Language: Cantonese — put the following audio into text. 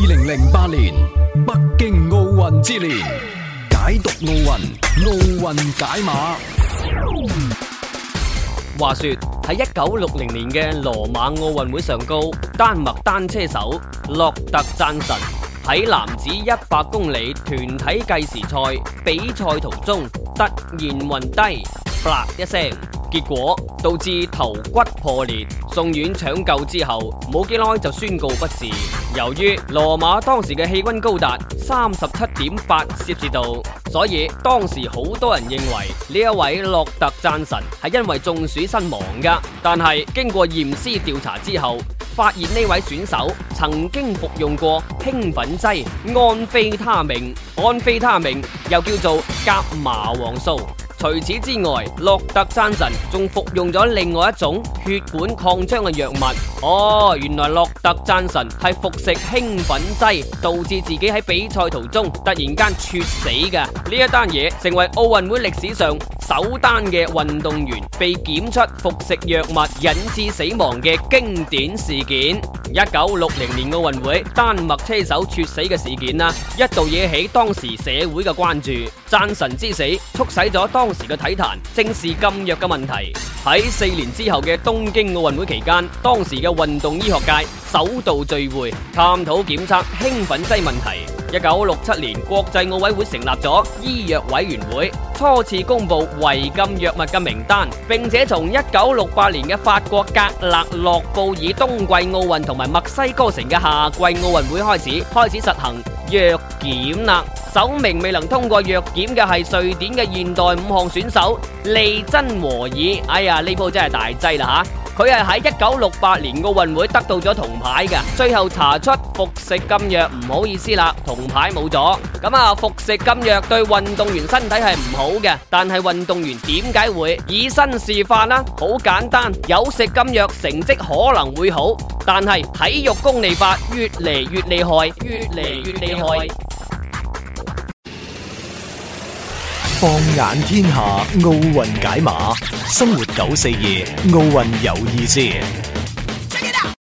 二零零八年北京奧運之年，解讀奧運，奧運解碼。話說喺一九六零年嘅羅馬奧運會上高，高丹麥單車手洛特贊臣喺男子一百公里團體計時賽比賽途中突然暈低，啪一聲。結果導致頭骨破裂，送院搶救之後冇幾耐就宣告不治。由於羅馬當時嘅氣溫高達三十七點八攝氏度，所以當時好多人認為呢一位洛特讚神係因為中暑身亡噶。但係經過驗屍調查之後，發現呢位選手曾經服用過興奮劑安非他命。安非他命又叫做甲麻黃素。除此之外，洛特贊神仲服用咗另外一種血管擴張嘅藥物。哦，原來洛特贊神係服食興奮劑，導致自己喺比賽途中突然間猝死嘅。呢一單嘢成為奧運會歷史上首單嘅運動員被檢出服食藥物引致死亡嘅經典事件。一九六零年奧運會丹麥車手猝死嘅事件啦，一度惹起當時社會嘅關注。戰神之死促使咗當時嘅體壇正視禁藥嘅問題。喺四年之後嘅東京奧運會期間，當時嘅運動醫學界首度聚會探討檢測興奮劑問題。一九六七年，國際奧委會成立咗醫藥委員會，初次公布違禁藥物嘅名單，並且從一九六八年嘅法國格勒諾布爾冬季奧運同墨西哥城嘅夏季奧運會開始開始實行藥檢啦，首名未能通過藥檢嘅係瑞典嘅現代五項選手利真和爾。哎呀，呢波真係大劑啦。佢係喺一九六八年奧運會得到咗銅牌嘅，最後查出服食禁藥，唔好意思啦，銅牌冇咗。咁啊，服食禁藥對運動員身體係唔好嘅，但係運動員點解會以身示範啦，啊？好簡單，有食禁藥成績可能會好，但係體育功利化越嚟越厲害，越嚟越厲害。放眼天下，奧運解碼，生活九四二，奧運有意思。